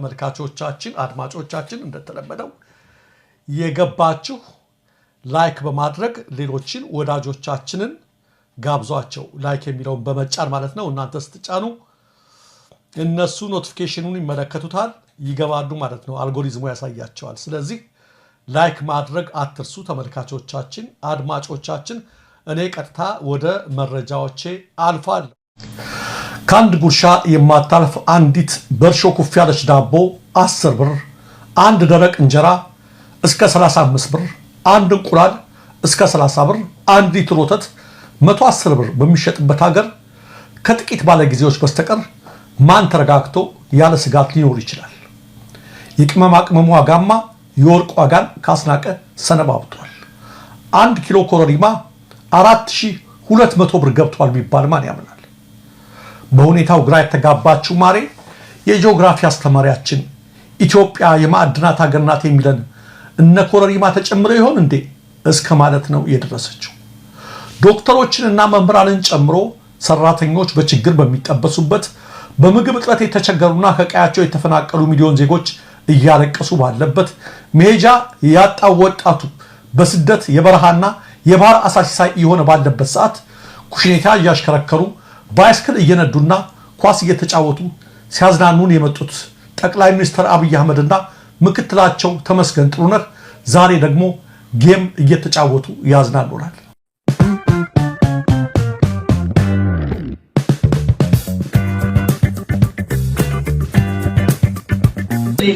ተመልካቾቻችን፣ አድማጮቻችን እንደተለመደው የገባችሁ ላይክ በማድረግ ሌሎችን ወዳጆቻችንን ጋብዟቸው። ላይክ የሚለውን በመጫን ማለት ነው። እናንተ ስትጫኑ እነሱ ኖቲፊኬሽኑን ይመለከቱታል፣ ይገባሉ ማለት ነው። አልጎሪዝሙ ያሳያቸዋል። ስለዚህ ላይክ ማድረግ አትርሱ ተመልካቾቻችን፣ አድማጮቻችን። እኔ ቀጥታ ወደ መረጃዎቼ አልፋለሁ። ከአንድ ጉርሻ የማታልፍ አንዲት በእርሾ ኩፍ ያለች ዳቦ 10 ብር፣ አንድ ደረቅ እንጀራ እስከ 35 ብር፣ አንድ እንቁላል እስከ 30 ብር፣ አንድ ሊትር ወተት 110 ብር በሚሸጥበት ሀገር ከጥቂት ባለጊዜዎች በስተቀር ማን ተረጋግቶ ያለ ስጋት ሊኖር ይችላል? የቅመማ ቅመም ዋጋማ የወርቅ ዋጋን ካስናቀ ሰነባብቷል። አንድ ኪሎ ኮረሪማ 4200 ብር ገብቷል ቢባል ማን ያምናል? በሁኔታው ግራ የተጋባችው ማሬ የጂኦግራፊ አስተማሪያችን ኢትዮጵያ የማዕድናት ሀገር ናት የሚለን እነ ኮረሪማ ተጨምረው ይሆን እንዴ እስከ ማለት ነው የደረሰችው። ዶክተሮችንና መምህራንን ጨምሮ ሰራተኞች በችግር በሚጠበሱበት በምግብ እጥረት የተቸገሩና ከቀያቸው የተፈናቀሉ ሚሊዮን ዜጎች እያለቀሱ ባለበት መሄጃ ያጣው ወጣቱ በስደት የበረሃና የባህር አሳ ሲሳይ እየሆነ ባለበት ሰዓት ኩሽኔታ እያሽከረከሩ ባይስክል እየነዱና ኳስ እየተጫወቱ ሲያዝናኑን የመጡት ጠቅላይ ሚኒስትር አብይ አህመድና ምክትላቸው ተመስገን ጥሩነህ ዛሬ ደግሞ ጌም እየተጫወቱ ያዝናኑናል።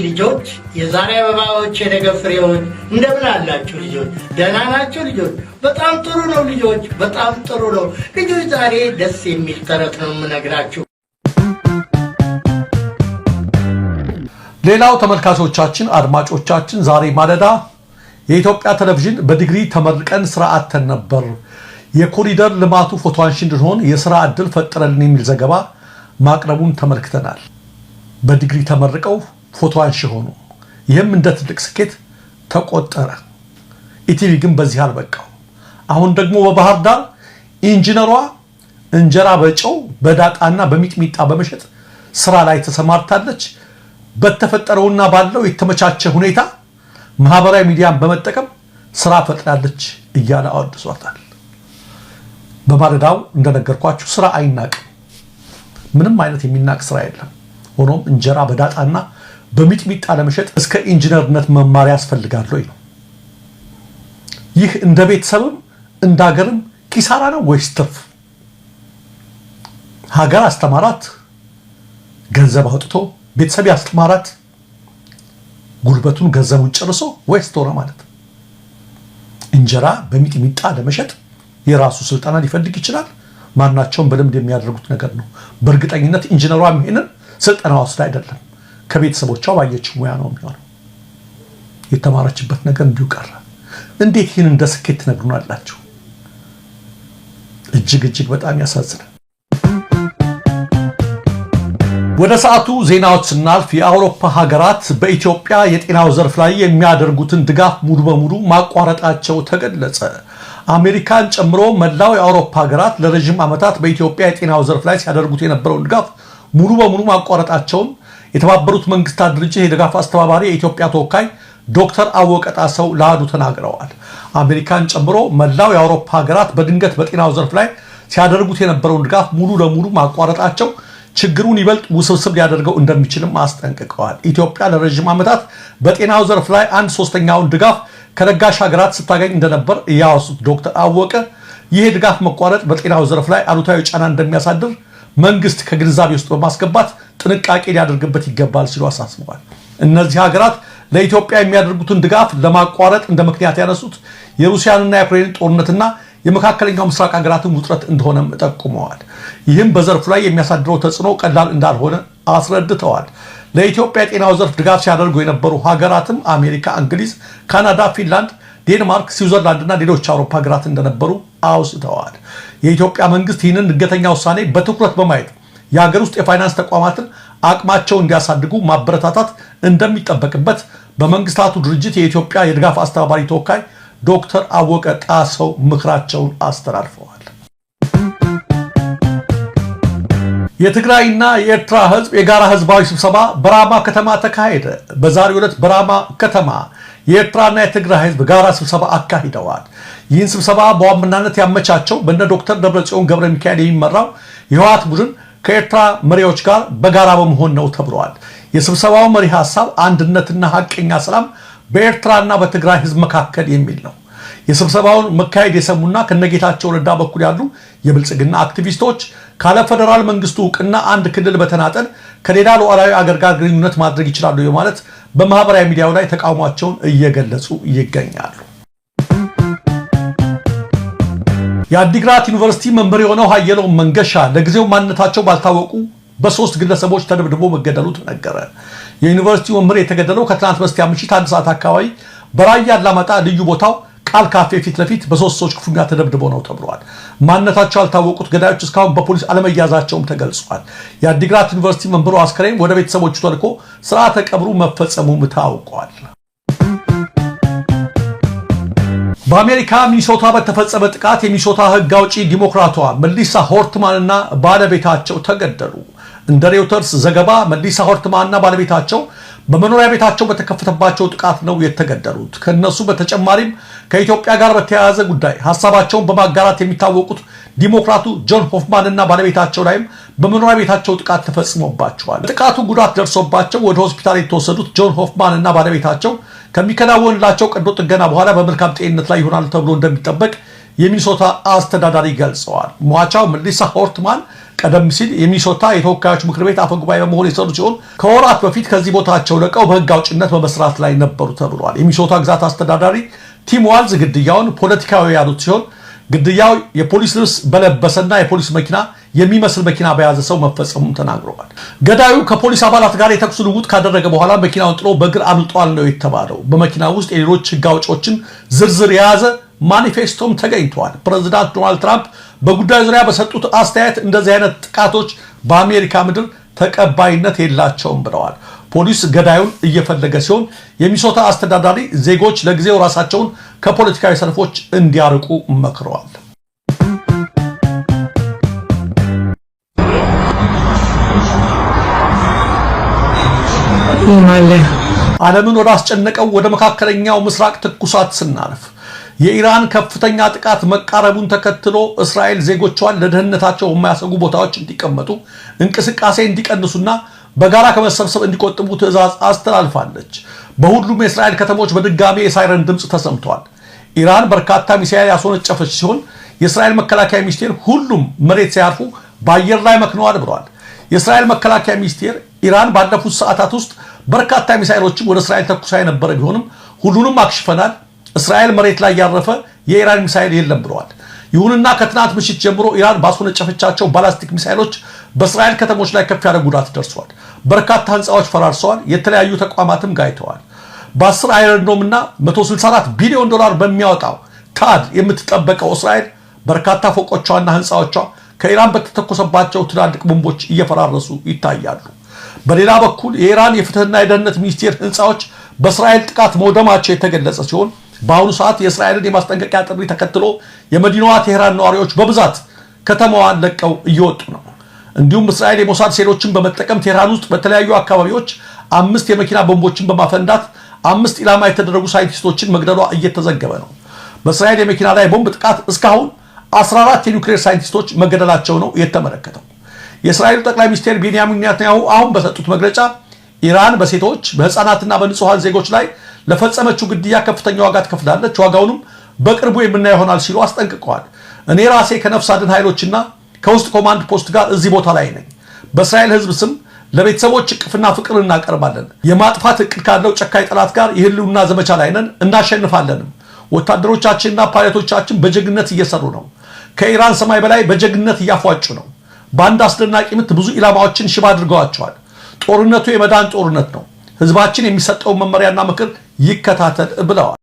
ልጆች የዛሬ አበባዎች የነገ ፍሬዎች እንደምን አላችሁ ልጆች? ደህና ናችሁ ልጆች? በጣም ጥሩ ነው ልጆች፣ በጣም ጥሩ ነው ልጆች። ዛሬ ደስ የሚል ተረት ነው የምነግራችሁ። ሌላው ተመልካቾቻችን፣ አድማጮቻችን ዛሬ ማለዳ የኢትዮጵያ ቴሌቪዥን በዲግሪ ተመርቀን ስራ አተን ነበር፣ የኮሪደር ልማቱ ፎቶ አንሺ እንድንሆን የስራ እድል ፈጠረልን የሚል ዘገባ ማቅረቡን ተመልክተናል። በዲግሪ ተመርቀው ፎቶ አንሺ ሆኑ። ይህም እንደ ትልቅ ስኬት ተቆጠረ። ኢቲቪ ግን በዚህ አልበቃው። አሁን ደግሞ በባህር ዳር ኢንጂነሯ እንጀራ በጨው በዳጣና በሚጥሚጣ በመሸጥ ስራ ላይ ተሰማርታለች። በተፈጠረውና ባለው የተመቻቸ ሁኔታ ማህበራዊ ሚዲያን በመጠቀም ስራ ፈጥናለች እያለ አወድሷታል። በማለዳው እንደነገርኳችሁ ስራ አይናቅም። ምንም አይነት የሚናቅ ስራ የለም። ሆኖም እንጀራ በዳጣና በሚጥሚጣ ለመሸጥ እስከ ኢንጂነርነት መማር ያስፈልጋል ወይ ነው? ይህ እንደ ቤተሰብም እንደ ሀገርም ኪሳራ ነው ወይስ ትርፍ? ሀገር አስተማራት ገንዘብ አውጥቶ ቤተሰብ ያስተማራት ጉልበቱን ገንዘቡን ጨርሶ ወይስ ቶረ ማለት እንጀራ በሚጥሚጣ ለመሸጥ የራሱ ስልጠና ሊፈልግ ይችላል። ማናቸውም በልምድ የሚያደርጉት ነገር ነው። በእርግጠኝነት ኢንጂነሯም ይሄንን ስልጠና ወስዳ አይደለም። ከቤተሰቦቿ ባየችው ሙያ ነው የሚሆነው። የተማረችበት ነገር እንዲሁ ቀረ። እንዴት ይህን እንደ ስኬት ትነግሩናላችሁ? እጅግ እጅግ በጣም ያሳዝናል። ወደ ሰዓቱ ዜናዎች ስናልፍ የአውሮፓ ሀገራት በኢትዮጵያ የጤናው ዘርፍ ላይ የሚያደርጉትን ድጋፍ ሙሉ በሙሉ ማቋረጣቸው ተገለጸ። አሜሪካን ጨምሮ መላው የአውሮፓ ሀገራት ለረዥም ዓመታት በኢትዮጵያ የጤናው ዘርፍ ላይ ሲያደርጉት የነበረውን ድጋፍ ሙሉ በሙሉ ማቋረጣቸውን የተባበሩት መንግስታት ድርጅት የድጋፍ አስተባባሪ የኢትዮጵያ ተወካይ ዶክተር አወቀ ጣሰው ለአሃዱ ተናግረዋል። አሜሪካን ጨምሮ መላው የአውሮፓ ሀገራት በድንገት በጤናው ዘርፍ ላይ ሲያደርጉት የነበረውን ድጋፍ ሙሉ ለሙሉ ማቋረጣቸው ችግሩን ይበልጥ ውስብስብ ሊያደርገው እንደሚችልም አስጠንቅቀዋል። ኢትዮጵያ ለረዥም ዓመታት በጤናው ዘርፍ ላይ አንድ ሶስተኛውን ድጋፍ ከለጋሽ ሀገራት ስታገኝ እንደነበር እያወሱት ዶክተር አወቀ ይህ ድጋፍ መቋረጥ በጤናው ዘርፍ ላይ አሉታዊ ጫና እንደሚያሳድር መንግስት ከግንዛቤ ውስጥ በማስገባት ጥንቃቄ ሊያደርግበት ይገባል ሲሉ አሳስበዋል። እነዚህ ሀገራት ለኢትዮጵያ የሚያደርጉትን ድጋፍ ለማቋረጥ እንደ ምክንያት ያነሱት የሩሲያንና የዩክሬን ጦርነትና የመካከለኛው ምስራቅ ሀገራትን ውጥረት እንደሆነም ጠቁመዋል። ይህም በዘርፉ ላይ የሚያሳድረው ተጽዕኖ ቀላል እንዳልሆነ አስረድተዋል። ለኢትዮጵያ የጤናው ዘርፍ ድጋፍ ሲያደርጉ የነበሩ ሀገራትም አሜሪካ፣ እንግሊዝ፣ ካናዳ፣ ፊንላንድ ዴንማርክ፣ ስዊዘርላንድና ሌሎች አውሮፓ ሀገራት እንደነበሩ አውስተዋል። የኢትዮጵያ መንግስት ይህንን ድንገተኛ ውሳኔ በትኩረት በማየት የሀገር ውስጥ የፋይናንስ ተቋማትን አቅማቸውን እንዲያሳድጉ ማበረታታት እንደሚጠበቅበት በመንግስታቱ ድርጅት የኢትዮጵያ የድጋፍ አስተባባሪ ተወካይ ዶክተር አወቀ ጣሰው ምክራቸውን አስተላልፈዋል። የትግራይና የኤርትራ ህዝብ የጋራ ህዝባዊ ስብሰባ በራማ ከተማ ተካሄደ። በዛሬው ዕለት በራማ ከተማ የኤርትራና የትግራይ ህዝብ ጋራ ስብሰባ አካሂደዋል። ይህን ስብሰባ በዋናነት ያመቻቸው በነ ዶክተር ደብረጽዮን ገብረ ሚካኤል የሚመራው የህወሓት ቡድን ከኤርትራ መሪዎች ጋር በጋራ በመሆን ነው ተብለዋል። የስብሰባው መሪ ሀሳብ አንድነትና ሀቀኛ ሰላም በኤርትራና በትግራይ ህዝብ መካከል የሚል ነው። የስብሰባውን መካሄድ የሰሙና ከነጌታቸው ረዳ በኩል ያሉ የብልጽግና አክቲቪስቶች ካለ ፌዴራል መንግስቱ እውቅና አንድ ክልል በተናጠል ከሌላ ሉዓላዊ አገር ጋር ግንኙነት ማድረግ ይችላሉ በማለት በማህበራዊ ሚዲያው ላይ ተቃውሟቸውን እየገለጹ ይገኛሉ። የአዲግራት ዩኒቨርሲቲ መምህር የሆነው ሀየለው መንገሻ ለጊዜው ማንነታቸው ባልታወቁ በሶስት ግለሰቦች ተደብድቦ መገደሉ ተነገረ። የዩኒቨርሲቲው መምህር የተገደለው ከትናንት በስቲያ ምሽት አንድ ሰዓት አካባቢ በራያ አላማጣ ልዩ ቦታው ቃል ካፌ ፊት ለፊት በሶስት ሰዎች ክፉኛ ተደብድበው ነው ተብሏል። ማንነታቸው ያልታወቁት ገዳዮች እስካሁን በፖሊስ አለመያዛቸውም ተገልጿል። የአዲግራት ዩኒቨርሲቲ መምህሩ አስከሬን ወደ ቤተሰቦቹ ተልኮ ስርዓተ ቀብሩ መፈጸሙም ታውቋል። በአሜሪካ ሚኒሶታ በተፈጸመ ጥቃት የሚኒሶታ ህግ አውጪ ዲሞክራቷ መሊሳ እና ባለቤታቸው ተገደሉ። እንደ ሬውተርስ ዘገባ መሊሳ እና ባለቤታቸው በመኖሪያ ቤታቸው በተከፈተባቸው ጥቃት ነው የተገደሉት። ከእነሱ በተጨማሪም ከኢትዮጵያ ጋር በተያያዘ ጉዳይ ሀሳባቸውን በማጋራት የሚታወቁት ዲሞክራቱ ጆን ሆፍማን እና ባለቤታቸው ላይም በመኖሪያ ቤታቸው ጥቃት ተፈጽሞባቸዋል። ጥቃቱ ጉዳት ደርሶባቸው ወደ ሆስፒታል የተወሰዱት ጆን ሆፍማን እና ባለቤታቸው ከሚከናወንላቸው ቀዶ ጥገና በኋላ በመልካም ጤንነት ላይ ይሆናሉ ተብሎ እንደሚጠበቅ የሚኒሶታ አስተዳዳሪ ገልጸዋል። ሟቻው መሊሳ ሆርትማን ቀደም ሲል የሚሶታ የተወካዮች ምክር ቤት አፈ ጉባኤ በመሆን የሰሩ ሲሆን ከወራት በፊት ከዚህ ቦታቸው ለቀው በህግ አውጭነት በመስራት ላይ ነበሩ ተብሏል። የሚሶታ ግዛት አስተዳዳሪ ቲም ዋልዝ ግድያውን ፖለቲካዊ ያሉት ሲሆን ግድያው የፖሊስ ልብስ በለበሰና የፖሊስ መኪና የሚመስል መኪና በያዘ ሰው መፈጸሙም ተናግረዋል። ገዳዩ ከፖሊስ አባላት ጋር የተኩስ ልውውጥ ካደረገ በኋላ መኪናውን ጥሎ በእግር አምልጧል ነው የተባለው። በመኪና ውስጥ የሌሎች ህግ አውጪዎችን ዝርዝር የያዘ ማኒፌስቶም ተገኝቷል። ፕሬዚዳንት ዶናልድ ትራምፕ በጉዳዩ ዙሪያ በሰጡት አስተያየት እንደዚህ አይነት ጥቃቶች በአሜሪካ ምድር ተቀባይነት የላቸውም ብለዋል። ፖሊስ ገዳዩን እየፈለገ ሲሆን የሚሶታ አስተዳዳሪ ዜጎች ለጊዜው ራሳቸውን ከፖለቲካዊ ሰልፎች እንዲያርቁ መክረዋል። ዓለምን ወደ አስጨነቀው ወደ መካከለኛው ምስራቅ ትኩሳት ስናልፍ የኢራን ከፍተኛ ጥቃት መቃረቡን ተከትሎ እስራኤል ዜጎቿን ለደህንነታቸው የማያሰጉ ቦታዎች እንዲቀመጡ እንቅስቃሴ እንዲቀንሱና በጋራ ከመሰብሰብ እንዲቆጥቡ ትዕዛዝ አስተላልፋለች። በሁሉም የእስራኤል ከተሞች በድጋሚ የሳይረን ድምፅ ተሰምቷል። ኢራን በርካታ ሚሳኤል ያስወነጨፈች ሲሆን የእስራኤል መከላከያ ሚኒስቴር ሁሉም መሬት ሲያርፉ በአየር ላይ መክነዋል ብለዋል። የእስራኤል መከላከያ ሚኒስቴር ኢራን ባለፉት ሰዓታት ውስጥ በርካታ ሚሳይሎችም ወደ እስራኤል ተኩሳ የነበረ ቢሆንም ሁሉንም አክሽፈናል እስራኤል መሬት ላይ ያረፈ የኢራን ሚሳይል የለም ብለዋል። ይሁንና ከትናንት ምሽት ጀምሮ ኢራን ባስወነጨፈቻቸው ባላስቲክ ሚሳይሎች በእስራኤል ከተሞች ላይ ከፍ ያለ ጉዳት ደርሷል። በርካታ ህንፃዎች ፈራርሰዋል፣ የተለያዩ ተቋማትም ጋይተዋል። በ10 አይረድኖም እና 164 ቢሊዮን ዶላር በሚያወጣው ታድ የምትጠበቀው እስራኤል በርካታ ፎቆቿና ህንፃዎቿ ከኢራን በተተኮሰባቸው ትላልቅ ቦምቦች እየፈራረሱ ይታያሉ። በሌላ በኩል የኢራን የፍትህና የደህንነት ሚኒስቴር ህንፃዎች በእስራኤል ጥቃት መውደማቸው የተገለጸ ሲሆን በአሁኑ ሰዓት የእስራኤልን የማስጠንቀቂያ ጥሪ ተከትሎ የመዲናዋ ቴህራን ነዋሪዎች በብዛት ከተማዋን ለቀው እየወጡ ነው። እንዲሁም እስራኤል የሞሳድ ሴሎችን በመጠቀም ቴህራን ውስጥ በተለያዩ አካባቢዎች አምስት የመኪና ቦምቦችን በማፈንዳት አምስት ኢላማ የተደረጉ ሳይንቲስቶችን መግደሏ እየተዘገበ ነው። በእስራኤል የመኪና ላይ ቦምብ ጥቃት እስካሁን 14 የኒውክሌር ሳይንቲስቶች መገደላቸው ነው የተመለከተው። የእስራኤሉ ጠቅላይ ሚኒስትር ቤንያሚን ኔታንያሁ አሁን በሰጡት መግለጫ ኢራን በሴቶች በህፃናትና በንጹሐን ዜጎች ላይ ለፈጸመችው ግድያ ከፍተኛ ዋጋ ትከፍላለች፣ ዋጋውንም በቅርቡ የምናየው ይሆናል ሲሉ አስጠንቅቀዋል። እኔ ራሴ ከነፍስ አድን ኃይሎችና ከውስጥ ኮማንድ ፖስት ጋር እዚህ ቦታ ላይ ነኝ። በእስራኤል ህዝብ ስም ለቤተሰቦች እቅፍና ፍቅር እናቀርባለን። የማጥፋት እቅድ ካለው ጨካኝ ጠላት ጋር የህልውና ዘመቻ ላይ ነን፣ እናሸንፋለንም። ወታደሮቻችንና ፓይለቶቻችን በጀግነት እየሰሩ ነው። ከኢራን ሰማይ በላይ በጀግነት እያፏጩ ነው። በአንድ አስደናቂ ምት ብዙ ኢላማዎችን ሽባ አድርገዋቸዋል። ጦርነቱ የመዳን ጦርነት ነው። ህዝባችን የሚሰጠውን መመሪያና ምክር ይከታተል ብለዋል።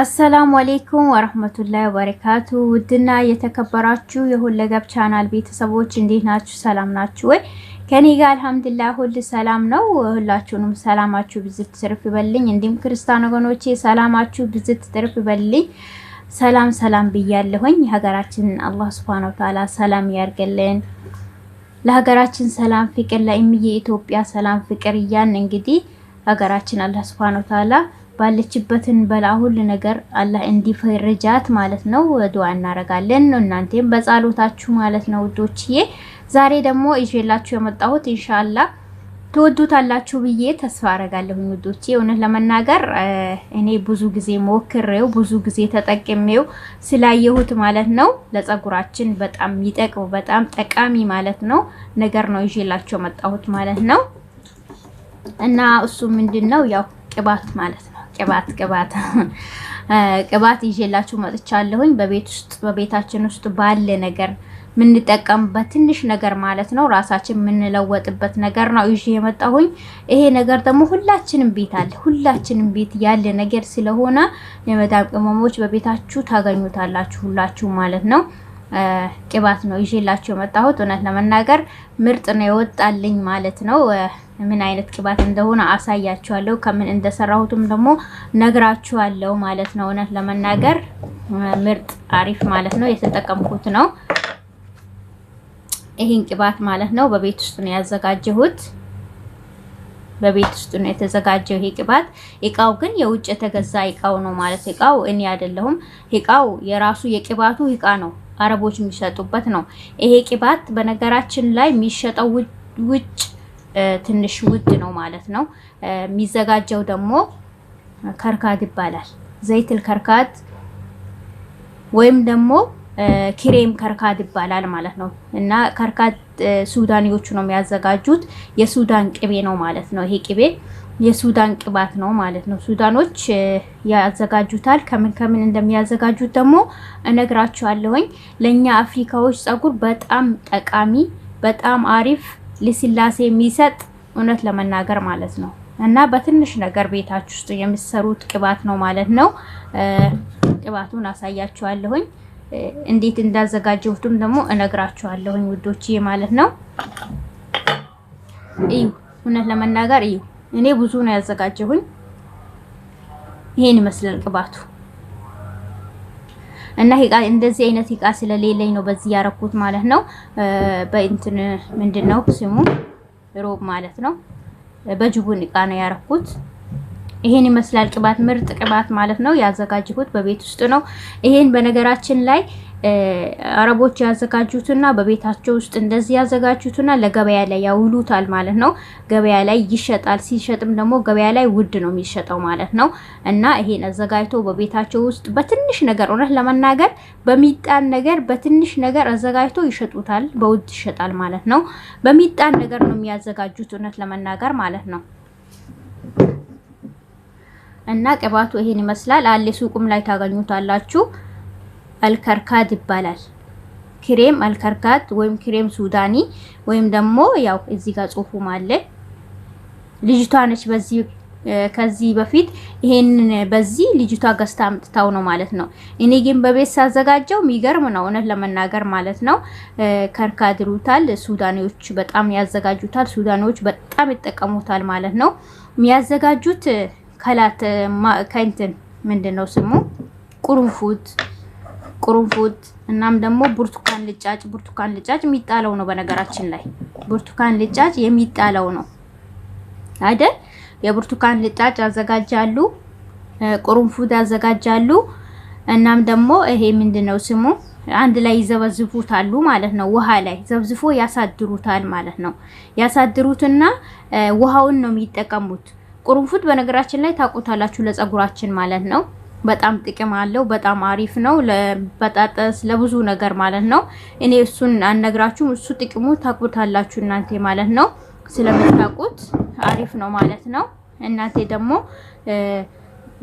አሰላሙ አሌይኩም ወረህመቱላሂ ወበረካቱ። ውድና የተከበራችሁ የሁለገብ ቻናል ቤተሰቦች እንዴት ናችሁ? ሰላም ናችሁ ወይ? ከኔ ጋር አልሐምዱሊላህ ሁል ሰላም ነው። ሁላችሁንም ሰላማችሁ ብዝት ትርፍ ይበልኝ። እንዲሁም ክርስቲያን ወገኖቼ ሰላማችሁ ብዝት ትርፍ ይበልኝ። ሰላም ሰላም ብያለሁኝ። ሀገራችንን አላህ ሱብሃነሁ ወተዓላ ሰላም ያርገልን። ለሀገራችን ሰላም ፍቅር፣ ለእምዬ ኢትዮጵያ ሰላም ፍቅር እያን እንግዲህ ሀገራችን አላህ ሱብሃነሁ ወተዓላ ባለችበትን በላ ሁሉ ነገር አላህ እንዲፈርጃት ማለት ነው ዱዓ እናረጋለን። እናንተም በጻሎታችሁ ማለት ነው ውዶችዬ። ዛሬ ደግሞ ይዤላችሁ የመጣሁት ኢንሻአላህ ትወዱታላችሁ ብዬ ተስፋ አረጋለሁ ውዶቼ። እውነት ለመናገር እኔ ብዙ ጊዜ ሞክሬው ብዙ ጊዜ ተጠቅሜው ስላየሁት ማለት ነው ለጸጉራችን በጣም ይጠቅም በጣም ጠቃሚ ማለት ነው ነገር ነው ይዤላችሁ የመጣሁት ማለት ነው እና እሱ ምንድነው ያው ቅባት ማለት ነው ቅባት ቅባት ቅባት ይዤላችሁ መጥቻለሁኝ። በቤት ውስጥ በቤታችን ውስጥ ባለ ነገር የምንጠቀምበት ትንሽ ነገር ማለት ነው። ራሳችን የምንለወጥበት ነገር ነው ይዤ የመጣሁኝ። ይሄ ነገር ደግሞ ሁላችንም ቤት አለ፣ ሁላችንም ቤት ያለ ነገር ስለሆነ የመዳብ ቅመሞች በቤታችሁ ታገኙታላችሁ ሁላችሁ ማለት ነው። ቅባት ነው ይዤላችሁ የመጣሁት። እውነት ለመናገር ምርጥ ነው የወጣልኝ ማለት ነው። ምን አይነት ቅባት እንደሆነ አሳያችኋለሁ። ከምን እንደሰራሁትም ደግሞ ነግራችኋለሁ ማለት ነው። እውነት ለመናገር ምርጥ አሪፍ ማለት ነው የተጠቀምኩት ነው ይህን ቅባት ማለት ነው። በቤት ውስጥ ነው ያዘጋጀሁት። በቤት ውስጥ ነው የተዘጋጀው ይሄ ቅባት። እቃው ግን የውጭ የተገዛ እቃው ነው ማለት እቃው እኔ አይደለሁም። እቃው የራሱ የቅባቱ እቃ ነው፣ አረቦች የሚሸጡበት ነው። ይሄ ቅባት በነገራችን ላይ የሚሸጠው ውጭ ትንሽ ውድ ነው ማለት ነው። የሚዘጋጀው ደግሞ ከርካት ይባላል። ዘይትል ከርካት ወይም ደግሞ ክሬም ከርካት ይባላል ማለት ነው። እና ከርካት ሱዳኒዎቹ ነው የሚያዘጋጁት። የሱዳን ቅቤ ነው ማለት ነው። ይሄ ቅቤ የሱዳን ቅባት ነው ማለት ነው። ሱዳኖች ያዘጋጁታል። ከምን ከምን እንደሚያዘጋጁት ደግሞ እነግራችኋለሁኝ። ለእኛ አፍሪካዎች ጸጉር በጣም ጠቃሚ በጣም አሪፍ ልስላሴ የሚሰጥ እውነት ለመናገር ማለት ነው። እና በትንሽ ነገር ቤታችሁ ውስጥ የምትሰሩት ቅባት ነው ማለት ነው። ቅባቱን አሳያችኋለሁኝ እንዴት እንዳዘጋጀሁትም ደግሞ እነግራችኋለሁኝ ውዶችዬ ማለት ነው። እዩ እውነት ለመናገር እዩ፣ እኔ ብዙ ነው ያዘጋጀሁኝ። ይሄን ይመስላል ቅባቱ። እና ሂቃ እንደዚህ አይነት ሂቃ ስለሌለኝ ነው በዚህ ያረኩት ማለት ነው። በእንትን ምንድነው ስሙ ሮብ ማለት ነው። በጅቡን ሂቃ ነው ያረኩት። ይሄን ይመስላል ቅባት፣ ምርጥ ቅባት ማለት ነው። ያዘጋጅኩት በቤት ውስጥ ነው። ይሄን በነገራችን ላይ አረቦች ያዘጋጁትና በቤታቸው ውስጥ እንደዚህ ያዘጋጁትና ለገበያ ላይ ያውሉታል ማለት ነው። ገበያ ላይ ይሸጣል። ሲሸጥም ደግሞ ገበያ ላይ ውድ ነው የሚሸጠው ማለት ነው። እና ይሄን አዘጋጅቶ በቤታቸው ውስጥ በትንሽ ነገር እውነት ለመናገር በሚጣን ነገር በትንሽ ነገር አዘጋጅቶ ይሸጡታል። በውድ ይሸጣል ማለት ነው። በሚጣን ነገር ነው የሚያዘጋጁት እውነት ለመናገር ማለት ነው። እና ቅባቱ ይሄን ይመስላል። አሌ ሱቁም ላይ ታገኙታላችሁ። አልከርካድ ይባላል። ክሬም አልከርካድ ወይም ክሬም ሱዳኒ ወይም ደግሞ ያው እዚህ ጋር ጽሁፉም አለ። ልጅቷ ነች በዚህ ከዚህ በፊት ይሄንን በዚህ ልጅቷ ገዝታ አምጥታው ነው ማለት ነው። እኔ ግን በቤት ሳዘጋጀው የሚገርም ነው እውነት ለመናገር ማለት ነው። ከርካድ ሱዳኔዎች፣ በጣም ያዘጋጁታል። ሱዳኔዎች በጣም ይጠቀሙታል ማለት ነው። የሚያዘጋጁት ከላት ከእንትን ምንድን ነው ስሙ ቁርንፉት ቁርንፉት እናም ደግሞ ብርቱካን ልጫጭ። ብርቱካን ልጫጭ የሚጣለው ነው በነገራችን ላይ ብርቱካን ልጫጭ የሚጣለው ነው አይደል? የብርቱካን ልጫጭ ያዘጋጃሉ፣ ቁርንፉት ያዘጋጃሉ። እናም ደግሞ ይሄ ምንድነው ስሙ አንድ ላይ ይዘበዝፉታሉ ማለት ነው። ውሃ ላይ ዘብዝፎ ያሳድሩታል ማለት ነው። ያሳድሩትና ውሃውን ነው የሚጠቀሙት። ቁርንፉት በነገራችን ላይ ታውቁታላችሁ፣ ለፀጉራችን ማለት ነው። በጣም ጥቅም አለው። በጣም አሪፍ ነው። ለበጣጠስ ለብዙ ነገር ማለት ነው። እኔ እሱን አነግራችሁም እሱ ጥቅሙ ታውቁታላችሁ እናንተ ማለት ነው። ስለምታውቁት አሪፍ ነው ማለት ነው። እናንተ ደግሞ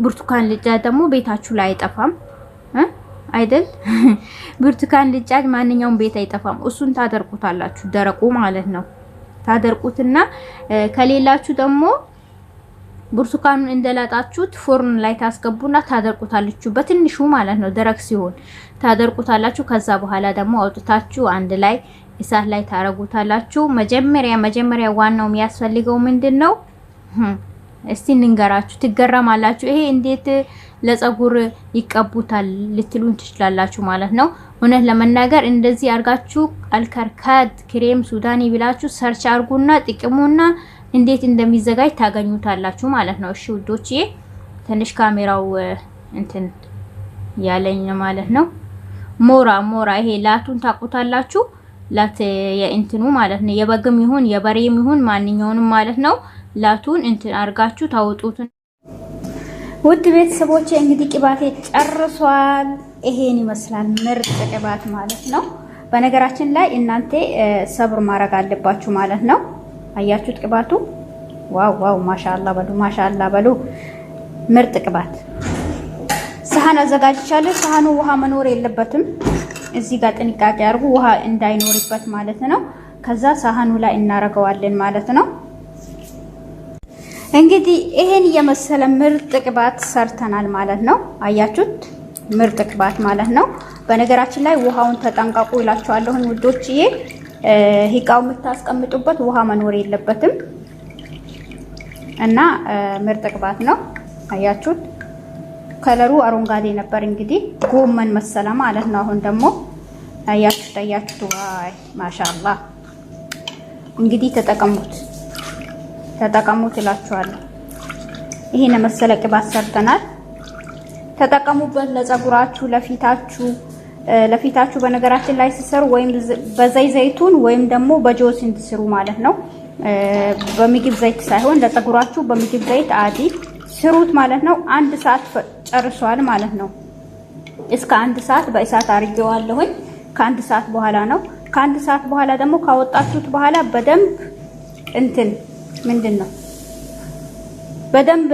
ብርቱካን ልጫ ደግሞ ቤታችሁ ላይ አይጠፋም አይደል? ብርቱካን ልጫ ማንኛውም ቤት አይጠፋም። እሱን ታደርቁታላችሁ፣ ደረቁ ማለት ነው። ታደርቁትና ከሌላችሁ ደግሞ ብርቱካኑን እንደላጣችሁት ፎርን ላይ ታስገቡና ታደርቁታላችሁ። በትንሹ ማለት ነው። ደረቅ ሲሆን ታደርቁታላችሁ። ከዛ በኋላ ደግሞ አውጥታችሁ አንድ ላይ እሳት ላይ ታረጉታላችሁ። መጀመሪያ መጀመሪያ ዋናው የሚያስፈልገው ምንድን ነው? እስቲ እንንገራችሁ፣ ትገረማላችሁ። ይሄ እንዴት ለጸጉር ይቀቡታል ልትሉን ትችላላችሁ ማለት ነው። እውነት ለመናገር እንደዚህ አርጋችሁ አልከርካድ ክሬም ሱዳኒ ብላችሁ ሰርች አርጉና ጥቅሙና እንዴት እንደሚዘጋጅ ታገኙታላችሁ ማለት ነው። እሺ ውዶቼ ትንሽ ካሜራው እንትን ያለኝ ማለት ነው። ሞራ ሞራ ይሄ ላቱን ታቁታላችሁ። ላት የእንትኑ ማለት ነው የበግም ይሁን የበሬም ይሁን ማንኛውንም ማለት ነው። ላቱን እንትን አርጋችሁ ታወጡትን። ውድ ቤተሰቦቼ እንግዲህ ቅባቴ ጨርሷል። ይሄን ይመስላል ምርጥ ቅባት ማለት ነው። በነገራችን ላይ እናንተ ሰብር ማድረግ አለባችሁ ማለት ነው። አያችሁት? ቅባቱ ዋው ዋው! ማሻአላ በሉ ማሻአላ በሉ። ምርጥ ቅባት። ሰሃን አዘጋጅቻለሁ። ሰሃኑ ውሃ መኖር የለበትም። እዚህ ጋር ጥንቃቄ አድርጉ፣ ውሃ እንዳይኖርበት ማለት ነው። ከዛ ሳህኑ ላይ እናረገዋለን ማለት ነው። እንግዲህ ይሄን የመሰለ ምርጥ ቅባት ሰርተናል ማለት ነው። አያችሁት? ምርጥ ቅባት ማለት ነው። በነገራችን ላይ ውሃውን ተጠንቀቁ ይላችኋለሁ ውዶችዬ። ሂቃው የምታስቀምጡበት ውሃ መኖር የለበትም እና ምርጥ ቅባት ነው። አያችሁት? ከለሩ አረንጓዴ ነበር። እንግዲህ ጎመን መሰለ ማለት ነው። አሁን ደግሞ አያችሁት፣ አያችሁት። ዋይ ማሻላ! እንግዲህ ተጠቀሙት፣ ተጠቀሙት እላችኋለሁ። ይሄን መሰለ ቅባት ሰርተናል። ተጠቀሙበት ለፀጉራችሁ፣ ለፊታችሁ ለፊታችሁ በነገራችን ላይ ሲሰሩ ወይም በዘይ ዘይቱን ወይም ደግሞ በጆስ እንድስሩ ማለት ነው። በምግብ ዘይት ሳይሆን ለፀጉራችሁ በምግብ ዘይት አዲ ስሩት ማለት ነው። አንድ ሰዓት ጨርሷል ማለት ነው። እስከ አንድ ሰዓት በእሳት አርጌዋለሁኝ። ከአንድ ሰዓት በኋላ ነው። ከአንድ ሰዓት በኋላ ደግሞ ካወጣችሁት በኋላ በደንብ እንትን ምንድን ነው በደንብ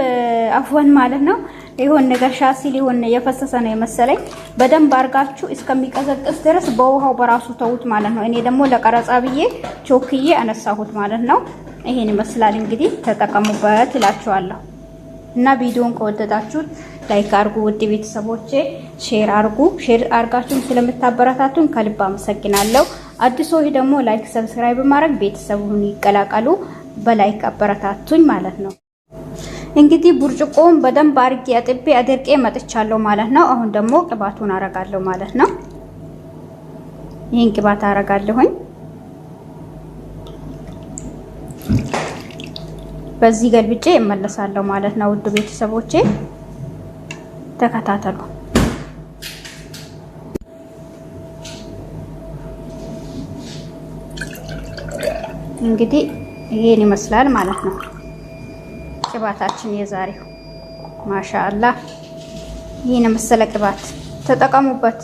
አፍወን ማለት ነው ይሁን ነገር ሲል ይሁን የፈሰሰ ነው የመሰለኝ። በደንብ አርጋችሁ እስከሚቀዘቅስ ድረስ በውሃው በራሱ ተውት ማለት ነው። እኔ ደግሞ ለቀረጻ ብዬ ቾክዬ አነሳሁት ማለት ነው። ይሄን ይመስላል እንግዲህ ተጠቀሙበት እላችኋለሁ። እና ቪዲዮን ከወደዳችሁት ላይክ አርጉ፣ ውድ ቤተሰቦቼ ሼር አርጉ። ሼር አርጋችሁም ስለምታበረታቱን ከልብ አመሰግናለሁ። አዲሶች ደግሞ ላይክ፣ ሰብስክራይብ ማድረግ ቤተሰቡን ይቀላቀሉ። በላይክ አበረታቱኝ ማለት ነው። እንግዲህ ብርጭቆውን በደንብ አድርጌ አጥቤ አድርቄ መጥቻለሁ ማለት ነው። አሁን ደግሞ ቅባቱን አረጋለሁ ማለት ነው። ይህን ቅባት አረጋለሁኝ። በዚህ ገልብጬ እመለሳለሁ ማለት ነው። ውድ ቤተሰቦቼ ተከታተሉ። እንግዲህ ይሄን ይመስላል ማለት ነው። ቅባታችን የዛሬው ማሻአላህ ይህን መሰለ ቅባት ተጠቀሙበት።